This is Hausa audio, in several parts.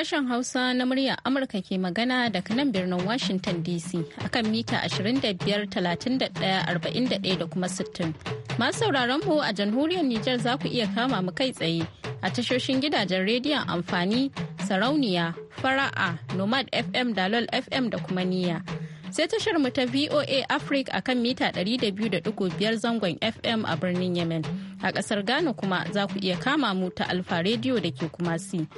sashen Hausa na muryar Amurka ke magana daga nan birnin Washington DC akan mita 25, 41 da kuma 60. Masu sauraron mu a jamhuriyar Nijar za ku iya kama mu kai tsaye a tashoshin gidajen rediyon amfani, sarauniya, fara'a, nomad FM, dalol FM da kuma niyya. sai tashar mu ta VOA Africa akan mita 200.5 zangon FM a birnin Yemen. A ƙasar Ghana kuma za ku iya kama mu ta Alfa Radio da ke Kumasi.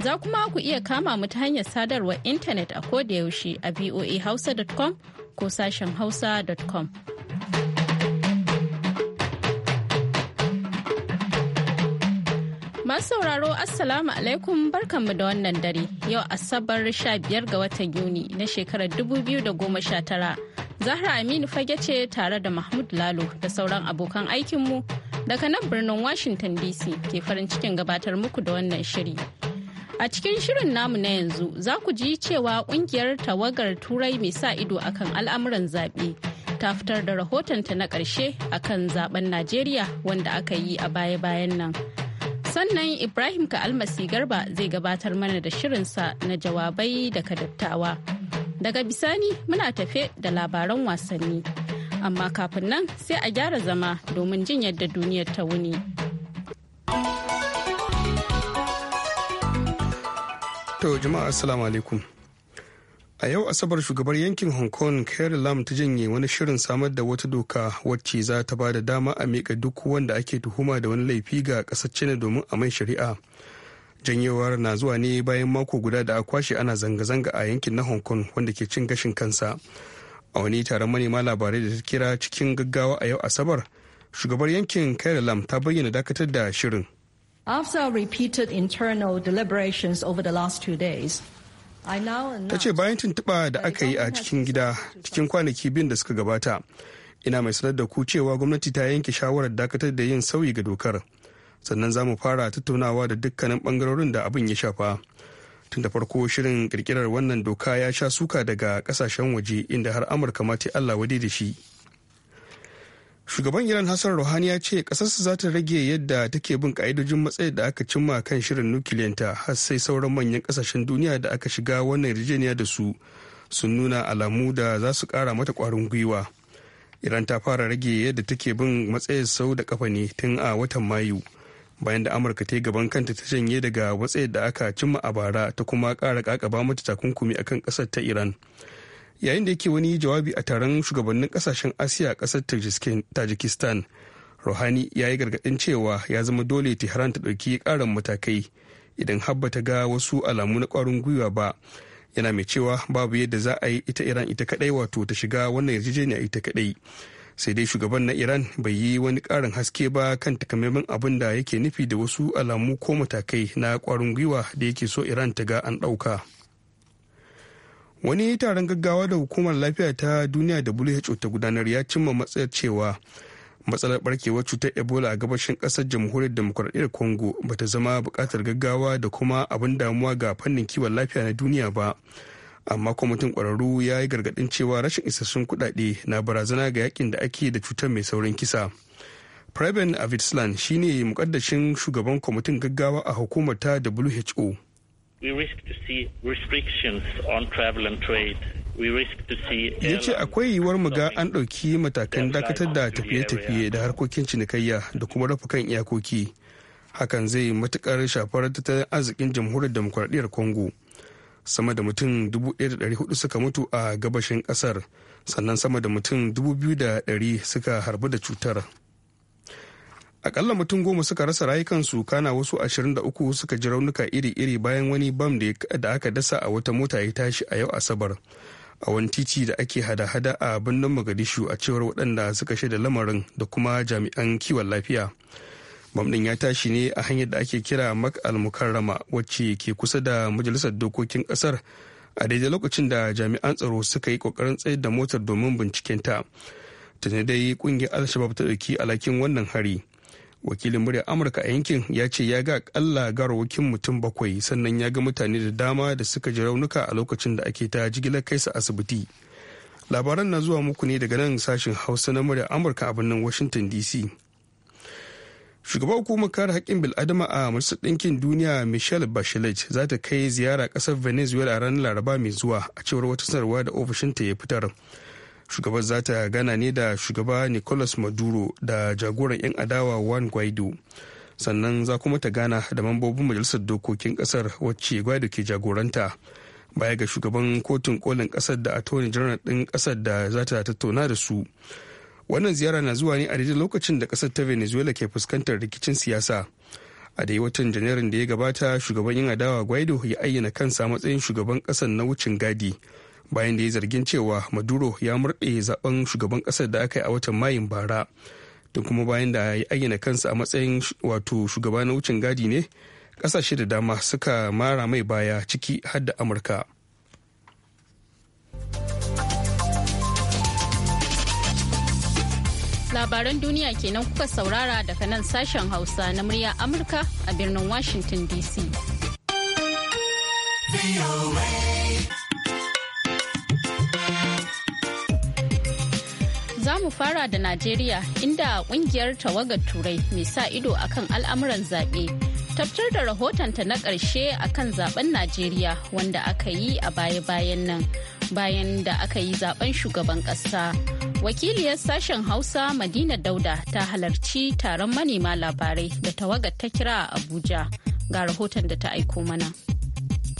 Za kuma ku iya kama mu ta hanyar sadarwar intanet a yaushe a voahausa.com ko sashen hausa.com. Masu sauraro Assalamu alaikum barkanmu da wannan dare yau Asabar 15 ga watan Yuni na shekarar 2019. Zahra Aminu fage ce tare da Mahmud Lalo da sauran abokan aikinmu daga nan birnin Washington DC ke farin cikin gabatar muku da wannan shiri. A cikin shirin namu na yanzu za ku ji cewa kungiyar tawagar turai mai sa ido akan al'amuran zaɓe ta fitar da rahotonta na ƙarshe akan zaben Najeriya wanda aka yi a baya-bayan nan. Sannan Ibrahim Ka'almasi Garba zai gabatar mana da shirinsa na jawabai daga dattawa. Daga bisani muna tafe da labaran wasanni. Amma kafin nan sai a gyara zama domin jin yadda duniyar ta wuni. To jama'a assalamu alaikum. a yau asabar shugabar yankin hong kong carrie lam ta janye wani shirin samar da wata doka wacce za ta ba da dama a miƙa duk wanda ake tuhuma da wani laifi ga ƙasar china domin a mai shari'a janyewar na zuwa ne bayan mako guda da a kwashe ana zanga-zanga a yankin na hong kong wanda ke cin gashin kansa a wani taron manema labarai da ta kira cikin gaggawa a yau asabar shugabar yankin carrie lam ta bayyana dakatar da shirin After repeated internal deliberations over the last two days, ta ce bayan tuntuɓa da aka yi a cikin gida cikin kwanaki biyun da suka gabata ina mai sanar da ku cewa gwamnati ta yanke shawarar dakatar da yin sauyi ga dokar sannan za mu fara tattaunawa da dukkanin bangarorin da abin ya shafa tun da farko shirin kirkirar wannan doka ya sha suka daga kasashen waje inda har amurka ma ta allah wade da shi shugaban iran hassan rouhani ya ce kasarsa za ta rage yadda take bin ka'idojin matsayi da aka cimma kan shirin nukiliyanta har sai sauran manyan kasashen duniya da aka shiga wannan yarjejeniya da su sun nuna alamu da za su kara mata kwarin gwiwa iran ta fara rage yadda take bin matsayin sau da kafa ne tun a watan mayu bayan da amurka ta yi gaban kanta ta janye daga matsayin da aka cimma a bara ta kuma kara kakaba mata takunkumi akan kasar ta iran yayin da yake wani jawabi a taron shugabannin kasashen asiya a kasar tajikistan rohani ya yi gargadin cewa ya zama dole tehran ta ɗauki karin matakai idan habba ta ga wasu alamu na kwarin gwiwa ba yana mai cewa babu yadda za a yi ita iran ita kaɗai wato ta shiga wannan yarjejeniya ita kaɗai sai dai shugaban na iran bai yi wani karin haske ba kan takamaiman abin da yake nufi da wasu alamu ko matakai na kwarin gwiwa da yake so iran ta ga an ɗauka. wani taron gaggawa da hukumar lafiya ta duniya who ta gudanar ya cimma matsayar cewa matsalar barkewar cutar ebola a gabashin kasar jamhuriyar demokuraɗiyyar congo ta zama buƙatar gaggawa da kuma abin damuwa ga fannin kiwon lafiya na duniya ba amma kwamitin ƙwararru ya yi gargaɗin cewa rashin isassun kuɗaɗe na barazana ga yakin da ake da cutar mai saurin kisa Preben Avidslan shine mukaddashin shugaban kwamitin gaggawa a hukumar ta WHO. on ya ce akwai yiwuwar mu ga an ɗauki matakan dakatar da tafiye-tafiye da harkokin cinikayya da kuma rufe kan iyakoki hakan zai matukar shafar tattalin arzikin jamhuriyar demokuraɗiyyar congo sama da mutum 1,400 suka mutu a gabashin ƙasar sannan sama da mutum 2,100 suka harbu da cutar. akalla mutum goma suka rasa rayukansu kana wasu ashirin 23 suka ji raunuka iri-iri bayan wani bam da aka dasa a wata mota ya tashi a yau asabar a wani titi da ake hada-hada a birnin magadishu a cewar waɗanda suka shaida lamarin da kuma jami'an kiwon lafiya bam ɗin ya tashi ne a hanyar da ake kira mak al-mukarrama wacce ke kusa da majalisar dokokin kasar a daidai lokacin da jami'an tsaro suka yi ƙoƙarin tsayar da motar domin bincikenta ta dai ƙungiyar al ta ɗauki alhakin wannan hari wakilin muryar amurka a yankin ya ce ya ga akalla garawakin mutum bakwai sannan ya ga mutane da dama da suka ji raunuka a lokacin da ake ta jigilar kai su asibiti labaran na zuwa muku ne daga nan sashen hausa na muryar amurka a birnin washington dc shugaban hukumar kare haƙƙin bil'adama a majalisar ɗinkin duniya michelle bachelet za ta kai ziyara ƙasar venezuela a ranar laraba mai zuwa a cewar wata sanarwa da ofishinta ya fitar shugabar za ta gana ne da shugaba nicolas maduro da jagoran 'yan adawa juan guaido sannan za kuma ta gana da mambobin majalisar dokokin kasar wacce guaido ke jagoranta baya ga shugaban kotun kolin kasar da attorney general din kasar da za ta tattauna da su wannan ziyara na zuwa ne a daidai lokacin da kasar ta venezuela ke fuskantar rikicin siyasa a dai watan janairun da ya gabata shugaban yin adawa guaido ya ayyana kansa matsayin shugaban kasar na wucin gadi bayan da ya zargin cewa maduro ya murɗe zaben shugaban ƙasar da aka yi a watan mayin bara tun kuma bayan da ya ayyana kansa a matsayin wato shugaba na wucin gadi ne ƙasashe da dama suka mara mai baya ciki har da amurka labaran duniya kenan kuka saurara daga nan sashen hausa na murya amurka a birnin washington dc Za mu fara da Najeriya inda kungiyar tawagar Turai mai sa ido akan al'amuran zaɓe. Tabtar da rahotonta na ƙarshe a kan zaɓen Najeriya wanda aka yi a baya-bayan nan bayan da aka yi zaɓen shugaban ƙasa. Wakiliyar sashen Hausa Madina Dauda ta halarci taron manema labarai da tawagar ta kira a Abuja ga rahoton da ta aiko mana.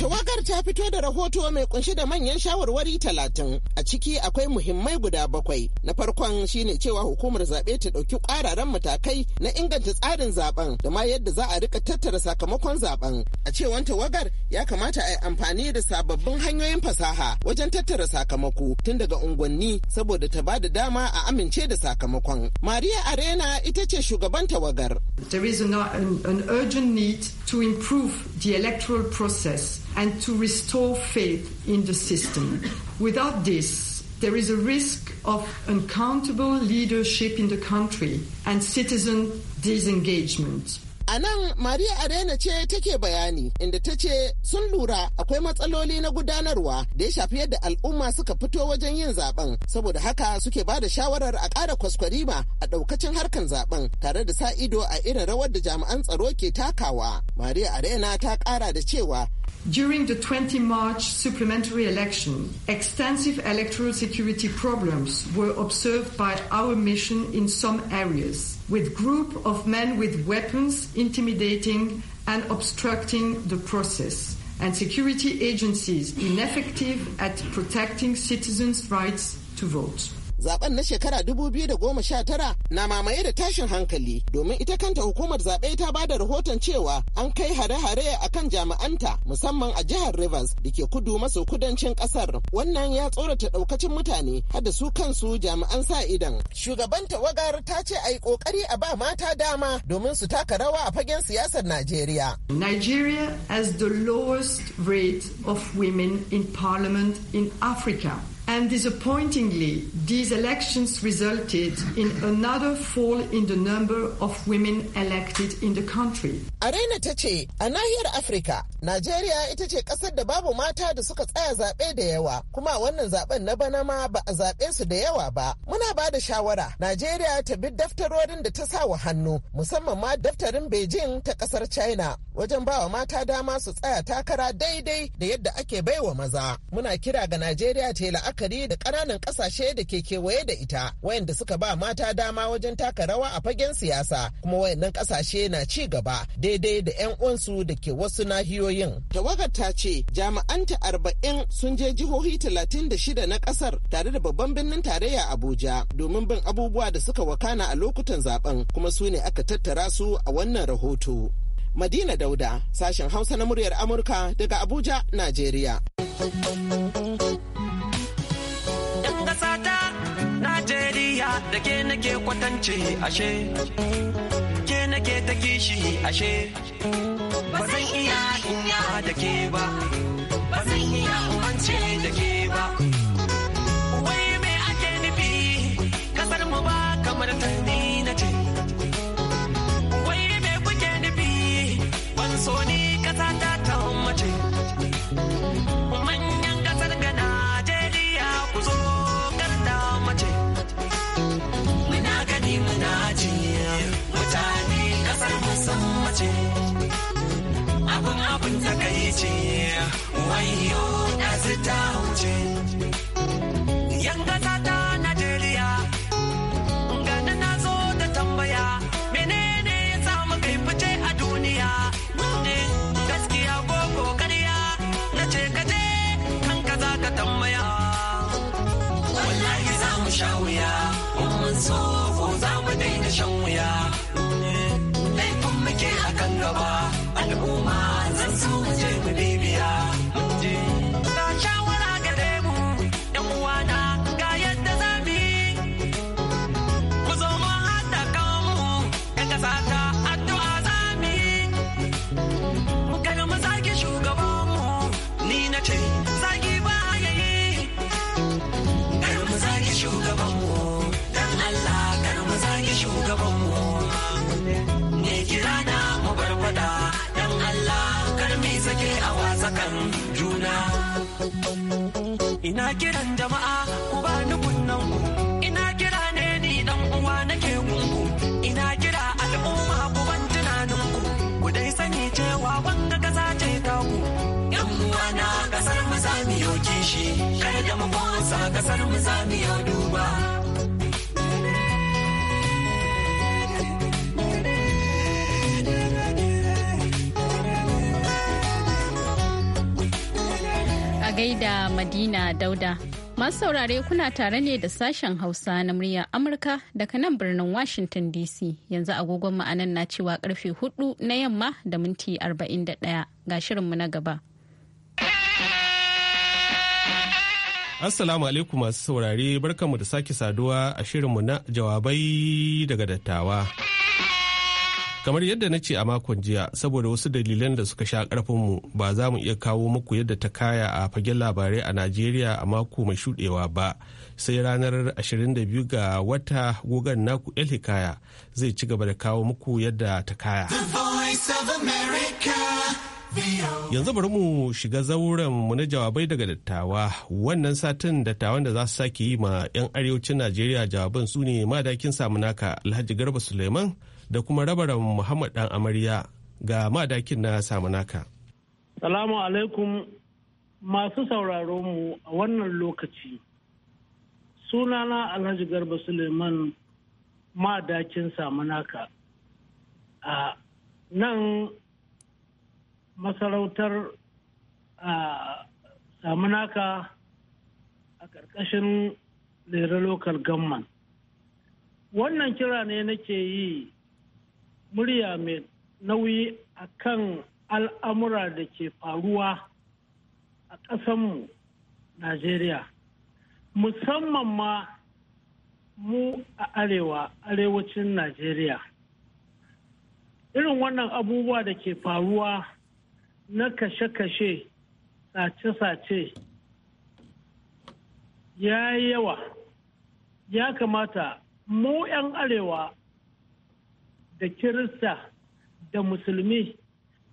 Tawagar ta fito da rahoto mai kunshi da manyan shawarwari talatin. A ciki akwai muhimmai guda bakwai. Na farkon shine cewa hukumar zaɓe ta ɗauki ƙwararan matakai na inganta tsarin zaben da ma yadda za a rika tattara sakamakon zaben. A cewar tawagar ya kamata a yi amfani da sababbin hanyoyin fasaha wajen tattara sakamako tun daga unguwanni saboda ta ba da dama a amince da sakamakon. Maria Arena ita ce shugaban tawagar. There is an, an urgent need to improve the electoral process and to restore faith in the system. Without this, there is a risk of uncountable leadership in the country and citizen disengagement. A nan Maria Arena ce take bayani inda ta ce sun lura akwai matsaloli na gudanarwa da ya shafi yadda al'umma suka fito wajen yin zaben saboda haka suke ba da shawarar a ƙara kwaskwarima a ɗaukacin harkan zaben tare da sa ido a irin rawar da jami'an tsaro ke takawa. Maria Arena ta ƙara da cewa during the 20 March supplementary election, extensive electoral security problems were observed by our mission in some areas, with group of men with weapons intimidating and obstructing the process, and security agencies ineffective at protecting citizens' rights to vote. zaben na shekara 2019 na mamaye da tashin hankali domin ita kanta hukumar zaɓe ta ba da rahoton cewa an kai hare-hare a kan jami'anta musamman a jihar Rivers da ke kudu maso kudancin ƙasar. Wannan ya tsorata ɗaukacin mutane har da su kansu jami'an sa idan. Shugaban wagar ta ce a yi ƙoƙari a ba mata dama domin su taka rawa a fagen siyasar Najeriya. Nigeria has the lowest rate of women in parliament in Africa. And disappointingly, these elections resulted in another fall in the number of women elected in the country. Arena ta ce, a nahiyar Afirka, Najeriya ita ce ƙasar da babu mata da suka tsaya zaɓe da yawa, kuma wannan zaɓen na bana ma ba a zaɓe su da yawa ba. Muna ba da shawara, Najeriya ta bi daftarorin da ta sa wa hannu, musamman ma daftarin Beijing ta ƙasar China, wajen ba wa mata dama su tsaya takara daidai da yadda ake baiwa maza. Muna kira ga Najeriya ta yi la'akari hankali da ƙananan ƙasashe da ke kewaye da ita wayanda suka ba mata dama wajen taka rawa a fagen siyasa kuma wayannan ƙasashe na ci gaba daidai da 'yan uwansu da ke wasu nahiyoyin. Tawagar ta ce jami'anta arba'in sun je jihohi talatin da shida na ƙasar tare da babban birnin tarayya Abuja domin bin abubuwa da suka wakana a lokutan zaben kuma su ne aka tattara su a wannan rahoto. Madina Dauda, sashen Hausa na muryar Amurka daga Abuja, Najeriya. da ke nake kwatance ashe ke nake ta kishi ashe ba zan iya inya da ke ba ba zan iya umance da ke ba wai me ake nufi kasar mu ba kamar ta wayo na su ta ina kiran jama'a ku ba ni kunnan ku ina kira ne ni dan uwa nake ku ina kira al'umma ku ban tunanin ku ku dai sani cewa wanga kasa ce ta ku yan uwa na kasar mu za mu kishi kai da mu kasar mu za mu duba gaida Madina Dauda. Masu saurare kuna tare ne da sashen Hausa na murya Amurka daga nan birnin Washington DC. Yanzu agogon ma'anan na cewa karfe hudu na yamma da minti 41 ga shirinmu na gaba. Assalamu alaikum masu saurare barkanmu da sake saduwa a shirinmu na jawabai daga dattawa. kamar yadda na ce a makon jiya saboda wasu dalilan da suka sha karfinmu ba za mu iya kawo muku yadda ta kaya a fagen labarai a najeriya a mako mai shudewa ba sai ranar 22 ga wata gogan naku el hikaya zai ci gaba da kawo muku yadda ta kaya yanzu bari mu shiga zauren mu na jawabai daga dattawa wannan satin dattawan da za su sake yi ma 'yan arewacin najeriya jawaban su ne madakin samunaka alhaji garba suleiman da kuma rabaran muhammad dan amarya ga madakin na samunaka salamu alaikum masu sauraro mu a wannan lokaci sunana alhaji garba suleiman madakin samunaka a nan masarautar a samunaka a ƙarƙashin lera lokal gamman wannan kira ne nake yi murya mai nauyi a kan al'amura da ke faruwa a ƙasanmu najeriya musamman ma mu a arewa arewacin najeriya irin wannan abubuwa da ke faruwa na kashe-kashe sace-sace ya yawa ya kamata mu 'yan arewa da kirista da musulmi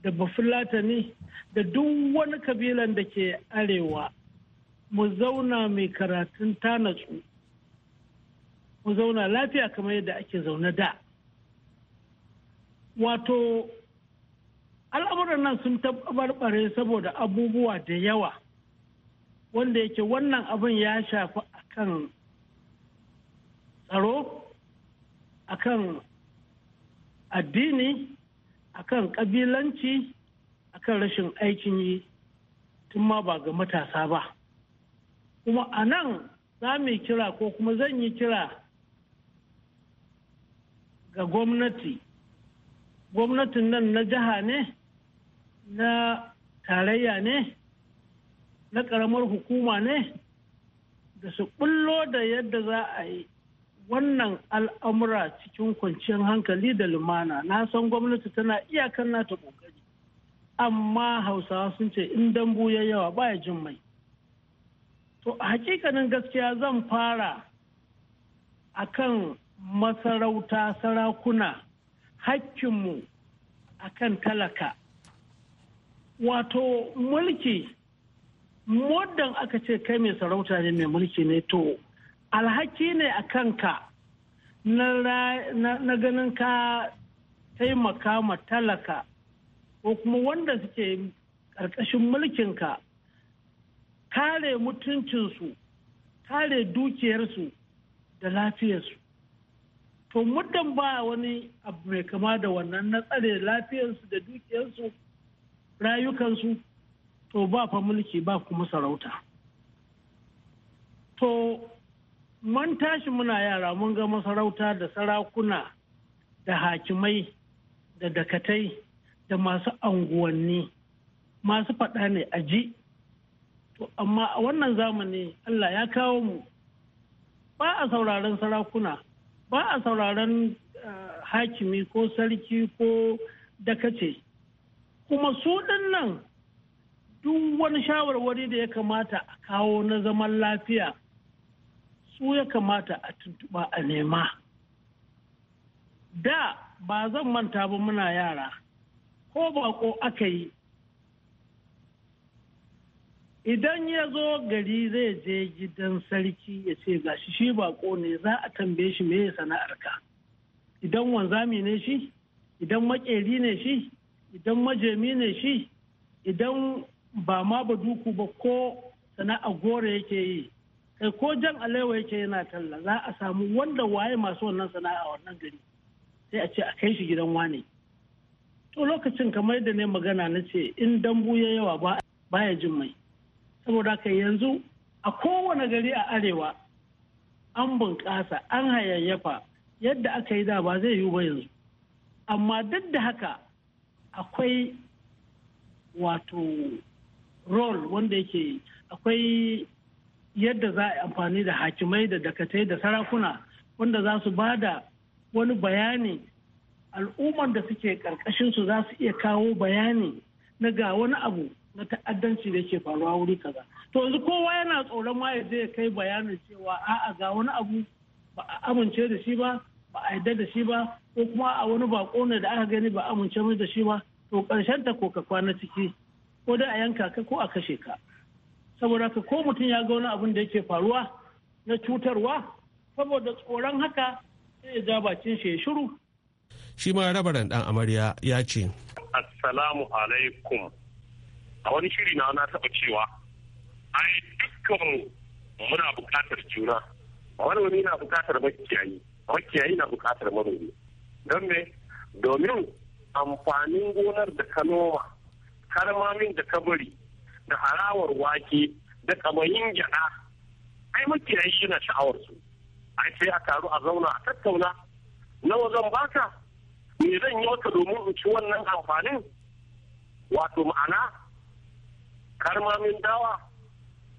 da bafulatani da duk wani kabilan da ke arewa mu zauna mai karatun tanatsu mu zauna lafiya kamar yadda ake zaune da wato al'amuran nan sun tabbarbare saboda abubuwa da yawa wanda yake wannan abin ya shafi akan tsaro akan addini akan kabilanci akan rashin aikin yi tun ma ba ga matasa ba kuma a nan za mu kira ko kuma zan yi kira ga gwamnati gwamnatin nan na jiha ne na tarayya ne na ƙaramar hukuma ne da su ɓullo da yadda za a yi wannan al'amura cikin kwanciyar hankali da lumana na san gwamnati tana iyakar nata kokari amma hausawa sun ce in dambu ya yawa baya jin mai to a hakikanin gaskiya zan fara akan masarauta sarakuna hakkinmu akan talaka wato mulki modan aka ce kai mai sarauta ne mai mulki ne to alhaki ne a kanka na ganin ka taimaka ma talaka ko kuma wanda suke ƙarƙashin mulkinka kare mutuncinsu kare dukiyarsu da lafiyarsu to muddin ba wani abu mai kama da wannan na tsare lafiyarsu da dukiyarsu rayukansu to ba fa mulki ba kuma sarauta to mun tashi muna yara mun ga masarauta da sarakuna da hakimai da dakatai da masu anguwanni masu faɗa ne a ji amma a wannan zamani allah ya kawo mu ba a sauraron sarakuna ba a sauraron eh, hakimi ko sarki ko dakace kuma su nan duk wani shawarwari da ya kamata a kawo na zaman lafiya su ya kamata a tuntuɓa a nema da ba zan manta ba muna yara ko bako aka yi idan ya zo gari zai je gidan sarki ya ce gashi shi bako ne za a tambaye shi me sana'arka idan wanzami ne shi idan makeri ne shi idan majemi ne shi idan ba ma ba duku ba ko sana'a gore yake yi Eh, ko jan alewa yake yana talla za a samu wanda waye masu wannan sana'a wannan gari sai a ce a kai shi gidan wane to lokacin kamar yadda ne magana na ce in dambu ya yawa ba ya jin mai saboda haka yanzu a kowane gari a arewa an bunƙasa an hayayyafa yadda aka yi da ba zai yiwu ba yanzu amma duk da haka akwai wato role wanda yake akwai yadda za a yi amfani da hakimai da dakatai da sarakuna wanda za su ba da wani bayani al'ummar da suke su za su iya kawo bayani na ga wani abu na ta'addanci da ke faruwa wuri kaza to yanzu kowa yana tsoron ma ya je ya kai bayanin cewa a'a ga wani abu ba a amince da shi ba ba a yarda da shi ba ko kuma a wani bako ne da aka gani ba amince mai da shi ba to karshen ta ko ka kwana ciki ko dai a yanka ka ko a kashe ka saboda ka ko mutum ya ga wani abin da yake faruwa na cutarwa saboda tsoron haka sai ya ja bakin shi ya shiru shi ma rabaran dan amarya ya ce assalamu alaikum a wani shiri na na taba cewa ai dukkan muna bukatar juna manomi na bukatar makiyayi makiyayi na bukatar manomi don me domin amfanin gonar da ka noma karmamin da ka bari da harawar wake da kamayin gyaɗa ai makiyayi na sha'awar su ai sai a taru a zauna a tattauna nawa zan baka me zan yi wata domin in ci wannan amfanin wato ma'ana karmamin dawa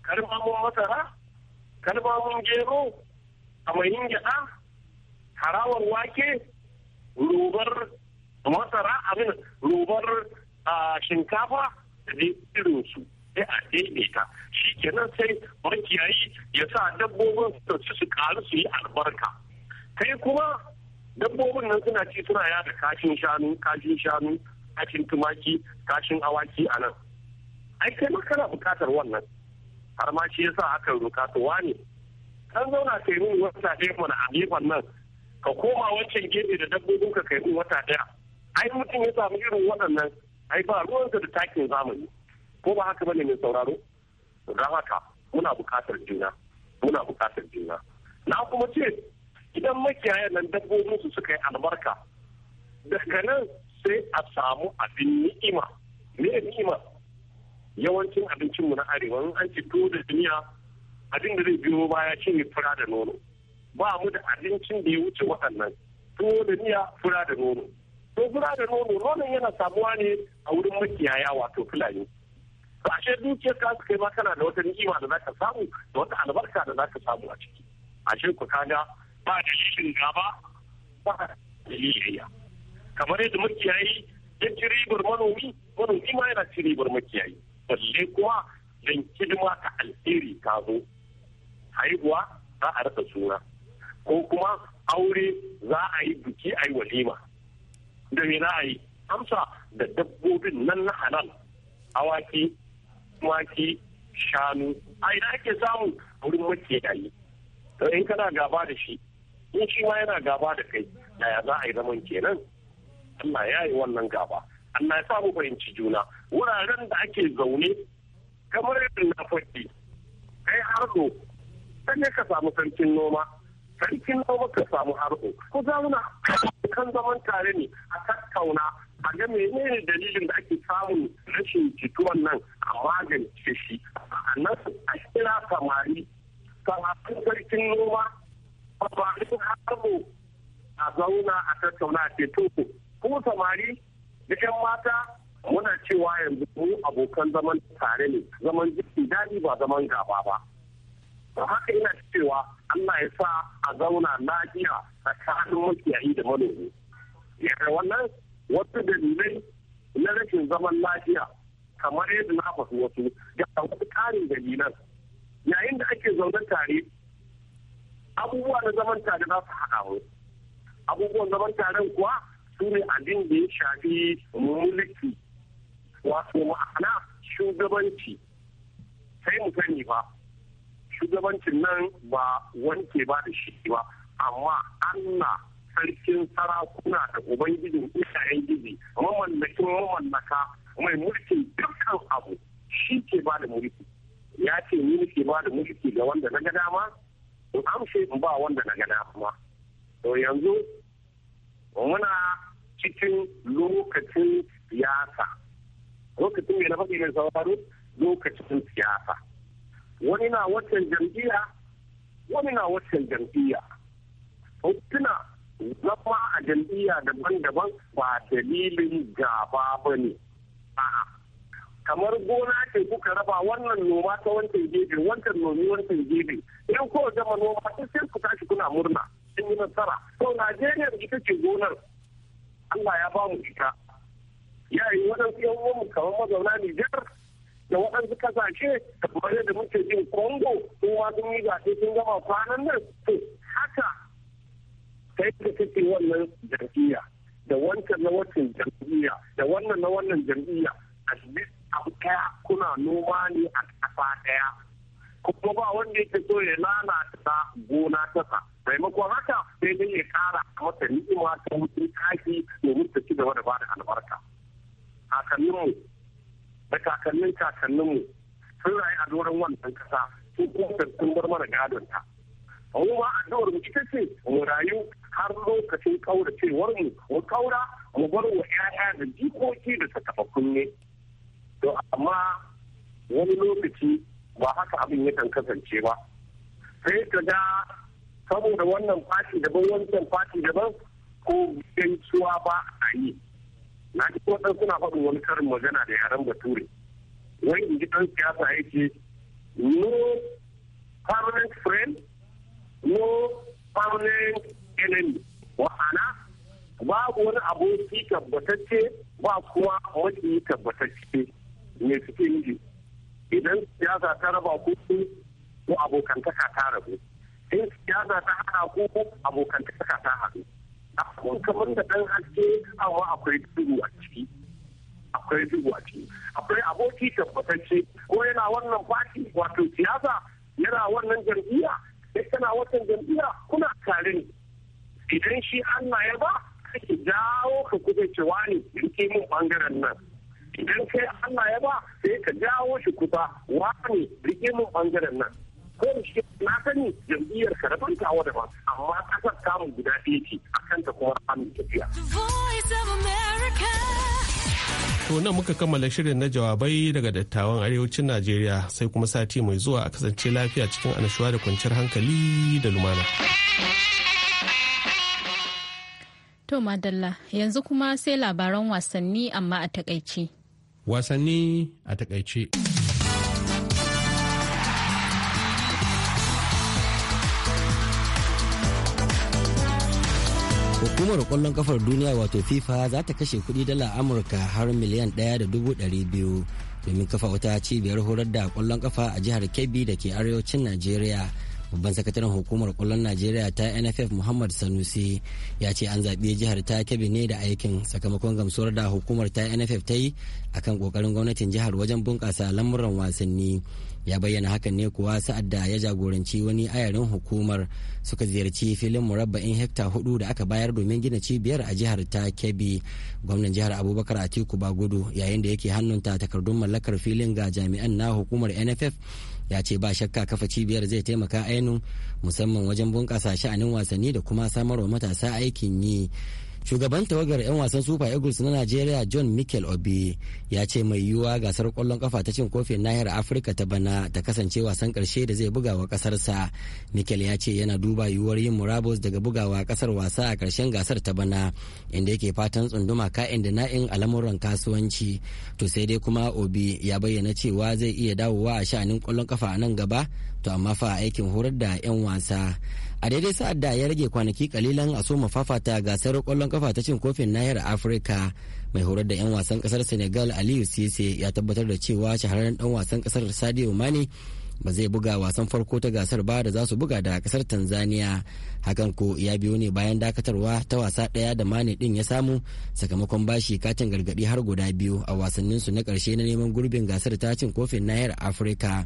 karmamin masara karmamin gero kamayin gyaɗa harawar wake robar masara abin robar ah, shinkafa da irinsu sai a ta, shi kenan sai makiyayi ya sa dabbobin su su karu su yi albarka kai kuma dabbobin nan suna ci suna yada kashin shanu kashin shanu kashin tumaki kashin awaki a nan ai kai kana bukatar wannan har ma shi yasa aka bukatuwa ne kan zauna kai mun wata ɗaya mana a gefen nan ka koma wancan gefe da dabbobin ka kai mun wata ɗaya ai mutum ya samu irin waɗannan ai ba ruwansa da takin zamani ko ba haka bane mai sauraro don haka muna bukatar juna muna bukatar juna na kuma ce idan makiyaya nan dabbobin su suka yi albarka daga nan sai a samu abin ni'ima me ni'ima yawancin abincinmu na arewa an ci tuwo da duniya abin da zai biyo baya shi ne fura da nono ba mu da abincin da ya wuce waɗannan tuwo da niya fura da nono to fura da nono nonon yana samuwa ne a wurin makiyaya wato fulani ba ashe dukiyar ka kai ma kana da wata ni'ima da zaka samu da wata albarka da zaka samu a ciki shi ku kaga ba dalilin gaba ba dalilin kamar yadda makiyayi ya ci ribar manomi manomi ma yana ci ribar makiyayi balle kuma dan hidima ta alheri ta zo haihuwa za a rasa suna ko kuma aure za a yi biki a yi walima da me za a yi amsa da dabbobin nan na halal awaki tumaki shanu a ina ake samu wurin makiyayi to in kana gaba da shi in shi ma yana gaba da kai yaya za a yi zaman kenan Allah ya yi wannan gaba Allah ya samu fahimci juna wuraren da ake zaune kamar yadda na fadi kai harɗo sai ka samu sarkin noma sarkin noma ka samu harɗo ku zauna kan zaman tare ne a tattauna a ga menene dalilin da ake samun rashin jituwan nan a magance shi a nan a kira samari samarin sarkin noma samarin harbo a zauna a tattauna a to ko samari da yan mata muna cewa yanzu mu abokan zaman tare ne zaman jiki daɗi ba zaman gaba ba Ba haka ina cewa Allah ya sa a zauna lafiya tsakanin makiyayi da manomi wannan wasu dalilai na rashin zaman lafiya kamar yadda na faɗi wasu ga wasu ƙarin dalilan yayin da ake zaune tare abubuwa na zaman tare za su haɗa mu abubuwan zaman tare kuwa su ne abin da ya shafi mulki wato ma'ana shugabanci sai mu sani ba shugabancin nan ba wanke ba da shi ba amma Allah sarkin sarakuna da ubangijin iyayen gizi mamallakin mamallaka mai mulkin dukkan abu shi ke ba da mulki ya ce ni ke ba da mulki ga wanda na ga dama in amshe in ba wanda na ga dama to yanzu muna cikin lokacin siyasa lokacin mai na faɗi mai sauraro lokacin siyasa wani na watan jam'iyya wani na watan jam'iyya hotuna zama a jam'iyya daban-daban ba dalilin gaba ba ne kamar gona ke kuka raba wannan noma ta wancan gefe wancan nomi wancan gefe yau ko zama noma sun sai ku tashi kuna murna sun yi nasara to Najeriya ita ce gonar Allah ya ba mu ita ya yi waɗansu yan uwanmu kamar mazauna Nijar da waɗansu kasashe kamar yadda muke jin Congo kowa sun yi zaɓe sun gama kwanan nan to haka sai da take wannan jam'iyya da wancan na wancan jam'iyya da wannan na wannan jam'iyya a ɗaya kuna noma ne a ƙasa ɗaya kuma ba wanda yake so ya lalata gona tasa maimakon haka sai dai ya ƙara mata ni'ima ta wuce taki domin ta ci gaba da bada albarka kakanninmu da kakannin kakanninmu sun rayu a doron wannan ƙasa su kuma sun bar mana gadon ta mu ma addu'ar mu ita ce mu rayu har lokacin kauracewar mu mu kaura mu bar wa 'ya'ya da jikoki da ta taɓa kunne to amma wani lokaci ba haka abin yakan kasance ba sai ka ga saboda wannan fati daban wancan fati daban ko gaisuwa ba a yi na ji wadan suna faɗin wani karin magana da yaren bature wai in ji ɗan siyasa ce no current friend no permanent enemy wa'ana babu wani aboki tabbatacce ba kuma wani tabbatacce ne suke yi idan siyasa ta raba ku ko abokantaka ta rabu in siyasa ta hana ku abokantaka ta haɗu akwai kamar da ɗan haske amma akwai duhu a ciki akwai duhu a ciki akwai aboki tabbatacce ko yana wannan fati wato siyasa yana wannan jam'iyya sai kana watan jam'iyya kuna tare ne idan shi Allah ya ba kake jawo ka kuɗe cewa ne rike mun bangaren nan idan kai Allah ya ba sai ka jawo shi kusa wani rike mun bangaren nan ko shi na sani jam'iyyar ka rabon tawa ba amma kasar kamun guda ɗaya ce akan ta kuma ramin tafiya. To nan muka kammala shirin na jawabai daga dattawan arewacin Najeriya sai kuma sati mai zuwa a kasance lafiya cikin annashuwa da kwanciyar hankali da lumana. To Madalla yanzu kuma sai labaran wasanni amma a takaice. Wasanni a takaice. hukumar kwallon kafar duniya wato fifa za ta kashe kudi dala amurka har miliyan ɗaya da dubu ɗari biyu domin kafa wata cibiyar horar da kwallon kafa a jihar kebbi da ke arewacin najeriya babban sakataren hukumar kwallon najeriya ta nff muhammad sanusi ya ce an zaɓi jihar ta kebe ne da aikin sakamakon gamsuwar da hukumar ta nff ta yi akan ƙoƙarin gwamnatin jihar wajen bunƙasa lamuran wasanni ya bayyana hakan ne kuwa sa'ad da ya jagoranci wani ayarin hukumar suka ziyarci filin murabba'in hekta hudu da aka bayar domin gina cibiyar a jihar ta kebbi gwamnan jihar abubakar atiku bagudu yayin da yake hannunta takardun mallakar filin ga jami'an na hukumar nff ya ce ba shakka kafa cibiyar zai taimaka ainihin musamman wajen bunƙasa sha'anin wasanni da kuma samarwa matasa aikin yi shugaban tawagar 'yan wasan super eagles na nigeria john michael obi ya ce mai yiwuwa gasar kwallon kafa ta cin kofin nahiyar afirka ta bana ta kasance wasan karshe da zai bugawa kasarsa michael ya ce yana duba yiwuwar yin murabus daga bugawa kasar wasa a karshen gasar ta bana inda yake fatan tsunduma ka'in da na'in al'amuran kasuwanci to sai dai kuma obi ya bayyana cewa zai iya dawowa a sha'anin kwallon kafa a nan gaba to amma fa aikin horar da 'yan wasa a daidai sa'ad da ya rage kwanaki kalilan a soma fafata gasar kwallon kafa ta cin kofin nahiyar afirka mai horar da 'yan wasan kasar senegal aliyu sise ya tabbatar da cewa shahararren dan wasan kasar sadio mani ba zai buga wasan farko ta gasar ba da za su buga da kasar tanzania hakan ko ya biyo ne bayan dakatarwa ta wasa ɗaya da mani din ya samu sakamakon bashi katin gargadi har guda biyu a wasanninsu na karshe na neman gurbin gasar ta cin kofin nahiyar afirka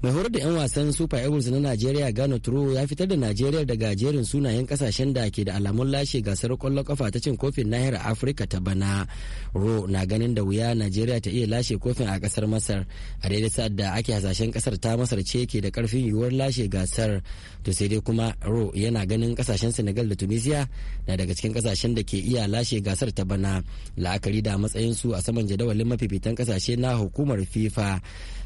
mai horar da 'yan wasan super eagles na najeriya gano turo ya fitar da najeriya daga jerin sunayen kasashen da ke da alamun lashe gasar kwallon kafa ta cin kofin nahiyar afirka ta bana ro na ganin da wuya najeriya ta iya lashe kofin a kasar masar a daidai sa'ad da ake hasashen kasar ta masar ce ke da karfin yiwuwar lashe gasar to sai dai kuma ro yana ganin kasashen senegal da tunisia na daga cikin kasashen da ke iya lashe gasar ta bana la'akari da matsayin su a saman jadawalin mafifitan kasashe na hukumar fifa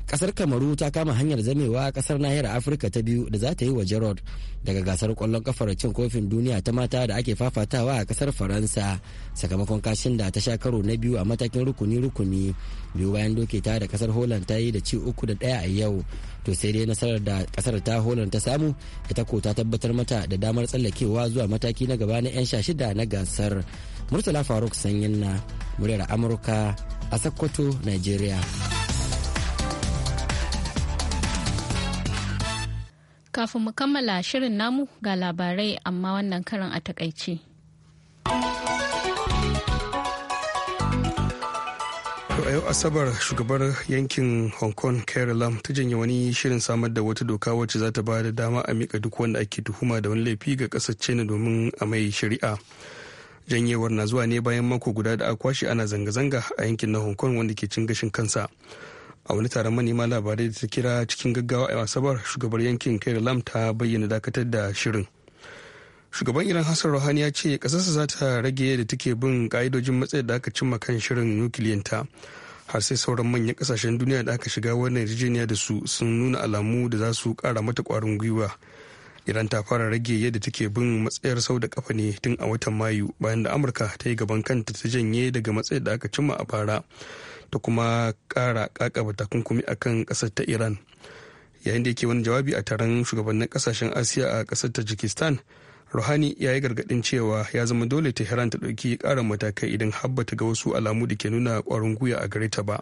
kasar kamaru ta kama hanyar zamewa kasar nahiyar afirka ta biyu da za ta yi wa gerard daga gasar kwallon kafar cin kofin duniya ta mata da ake fafatawa a kasar faransa sakamakon kashin da ta sha karo na biyu a matakin rukuni rukuni biyu bayan doke ta da kasar holland ta yi da ci uku da daya a yau to sai dai nasarar da kasar ta holland ta samu ita ko ta tabbatar mata da damar tsallakewa zuwa mataki na gaba na 'yan sha shida na gasar murtala faruk sanyin na muryar amurka a sokoto nigeria Kafin mu kammala shirin namu ga labarai amma wannan karin a takaice. a yau asabar shugabar yankin hong kong carrie lam ta janye wani shirin samar da wata doka wacce za ta ba da dama a mika duk wanda ake tuhuma da wani laifi ga kasar china domin a mai shari'a janyewar na zuwa ne bayan mako guda da a kwashe ana zanga-zanga a yankin na hong kong wanda ke cin gashin kansa a wani taron manema labarai da ta kira cikin gaggawa a asabar shugabar yankin kai lam ta bayyana dakatar da shirin shugaban iran hassan rohani ya ce kasarsa za ta rage yadda take bin ka'idojin matsayin da aka cimma kan shirin nukiliyanta har sai sauran manyan kasashen duniya da aka shiga wannan yarjejeniya da su sun nuna alamu da za su kara mata kwarin gwiwa iran ta fara rage yadda take bin matsayar sau da kafa ne tun a watan mayu bayan da amurka ta yi gaban kanta ta janye daga matsayi da aka cimma a bara ta kuma kara kakaba takunkumi kan kasar ta iran yayin da yake wani jawabi a taron shugabannin kasashen asiya a kasar tajikistan ruhani ya yi gargadin cewa ya zama dole ta tehran ta ɗauki ƙarin matakai idan habbata ga wasu alamu da ke nuna ƙwarin guya a gare ta ba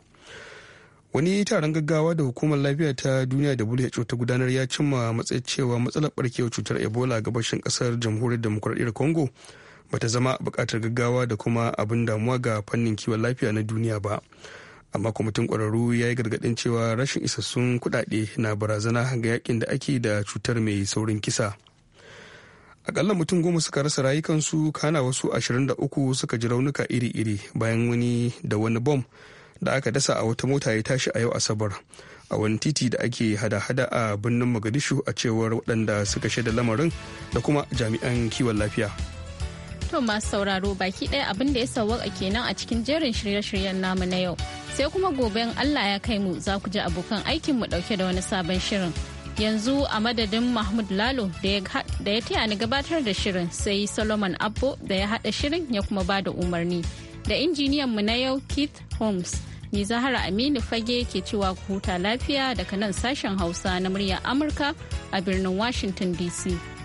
wani taron gaggawa da hukumar lafiya ta duniya da who ta gudanar ya cimma matsayin cewa matsalar barkewar cutar ebola a gabashin kasar jamhuriyar demokuraɗiyyar congo bata zama buƙatar gaggawa da kuma abin damuwa ga fannin kiwon lafiya na duniya ba amma kwamitin kwararru ya yi gargadin cewa rashin isassun kudade na barazana ga yakin da ake da cutar mai saurin kisa akalla mutum goma suka rasa rayukansu kana wasu ashirin da uku suka ji raunuka iri-iri bayan wani da wani bom da aka dasa a wata mota ya tashi a yau asabar a wani titi da ake hada-hada a birnin magadishu a cewar waɗanda suka shaida lamarin da kuma jami'an kiwon lafiya. To masu sauraro baki ɗaya abin da ya sauwaka kenan a cikin jerin shirye-shiryen namu na yau. Sai kuma gobe in Allah ya kai mu za ku ji abokan aikin mu ɗauke da wani sabon shirin. Yanzu a madadin Mahmud Lalo da ya taya ni gabatar da shirin sai Solomon Abbo da ya haɗa shirin ya kuma ba da umarni. Da injiniyan mu na yau Keith Holmes. Ni Zahara Aminu Fage ke cewa ku huta lafiya daga nan sashen Hausa na murya Amurka a birnin Washington DC.